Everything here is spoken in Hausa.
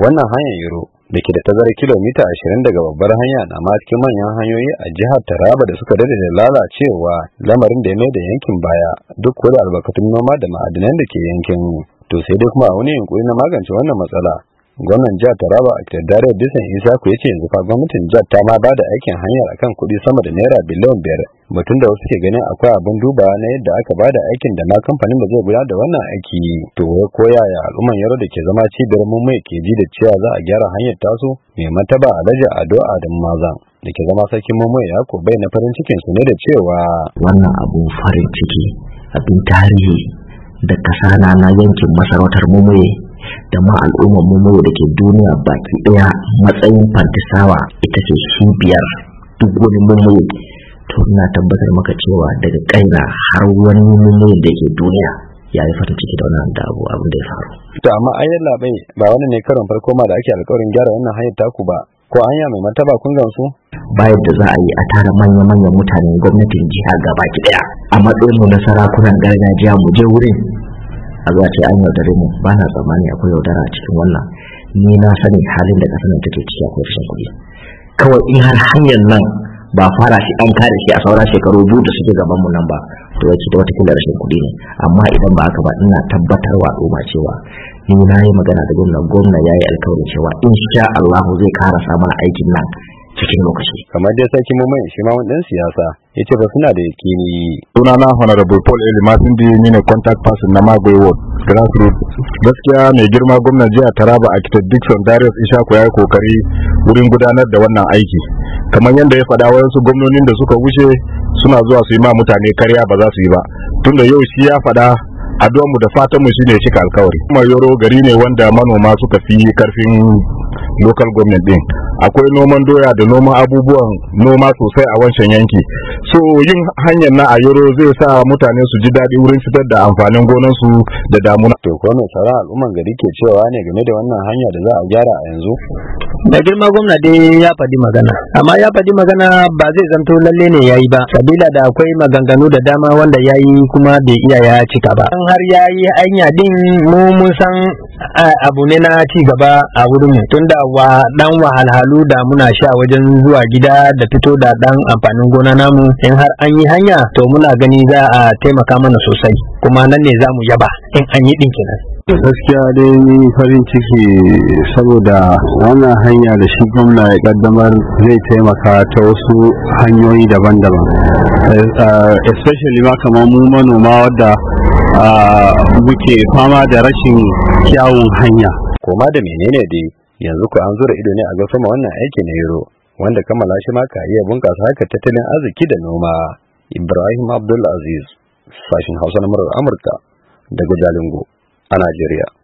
wannan hanyar yaro da ke da tazarar kilomita ashirin daga babbar hanya na ma cikin manyan hanyoyi a jihar Taraba da suka dade da lalacewa lamarin da ya mai da yankin baya duk kuwa albarkatun noma da ma'adinan da ke yankin to sai dai kuma a wani yunkuri na magance wannan matsala gwamnan jihar taraba a kirdarar disan isa ku yace yanzu fa gwamnatin jihar ta ma ba da aikin hanyar akan kuɗi sama da naira biliyan biyar Mutum da wasu ke ganin akwai abin duba na yadda aka ba da aikin da na kamfanin da zai gudanar da wannan aiki to wai ko yaya al'umman yaro da ke zama cibiyar mu mai ke ji da cewa za a gyara hanyar tasu mai mataba a ado a mazan da ke zama sarkin mamaye ya ko bai na farin cikin su ne da cewa wannan abun farin ciki abin tarihi da kasana na yankin masarautar mai. da ma al'ummar mu da ke duniya baki daya matsayin fantisawa ita ce biyar duk wani mummu to ina tabbatar maka cewa daga kaina har wani mummu da ke duniya ya yi farin ciki da wani da abu abin da ya faru. To amma an yalla bai ba wani ne karon farko ma da ake alƙawarin gyara wannan hanyar taku ba ko yi mai martaba kun gamsu? Bayan da za a yi a tara manya-manyan mutanen gwamnatin jiha ga baki daya a matsayin mu na sarakunan gargajiya mu je wurin a ta ce an yaudare mu ba na tsammani akwai yaudara cikin wannan ni na sani halin da kasar nan take ciki akwai rashin kuɗi kawai in har hanyar nan ba fara shi an kare shi a sauran shekaru biyu da suke mu nan ba to yake da wata kila rashin kuɗi ne amma idan ba haka ba ina tabbatarwa al'umma cewa ni na yi magana da gwamna gwamna ya yi alkawarin cewa in sha Allah zai kara samun aikin nan cikin lokaci kamar dai sarki mummai shi ma dan siyasa ya ce ba suna da yakini suna na honorable paul elimasin da ni ne contact person na magoy ward grassroots gaskiya mai girma gwamnan jiya taraba architect dixon darius ishaku ya yi kokari wurin gudanar da wannan aiki kamar yadda ya faɗa wasu gwamnonin da suka wuce suna zuwa su yi ma mutane karya ba za su yi ba tunda yau shi ya faɗa addu'ar mu da fatan mu shine cika alkawari kuma yoro gari ne wanda manoma suka fi karfin local government din akwai noman doya da noman abubuwan noma sosai a wancan yanki so yin hanyar na a yoro zai sa mutane su ji daɗi wurin fitar da amfanin su da damuna to kuma mai tsara al'umman gari ke cewa ne game da wannan hanya da za a gyara a yanzu da girma gwamna dai ya faɗi magana amma ya faɗi magana ba zai zanto lalle ne yayi ba sabila da akwai maganganu da dama wanda yayi kuma bai iya ya cika ba an har yayi hanya din mu mun san abu ne na ci gaba a wurin mu tunda wa dan wahalhalu da muna sha wajen zuwa gida da fito da dan amfanin gona namu in har an yi hanya to muna gani za a taimaka mana sosai kuma nan ne za mu yaba in an yi din kenan gaskiya dai ni farin ciki saboda wannan hanya da shi gwamna ya kaddamar zai taimaka ta wasu hanyoyi daban-daban eh, especially ma kamar manoma wadda ah, muke fama da rashin kyawun hanya koma da menene dai yanzu ku an zura ido ne a ga sama wannan aiki na yaro wanda kammala shi ma ka iya bunƙasa haka tattalin arziki da noma ibrahim Abdulaziz, fashin hausa na murar amurka daga jalingo a Najeriya.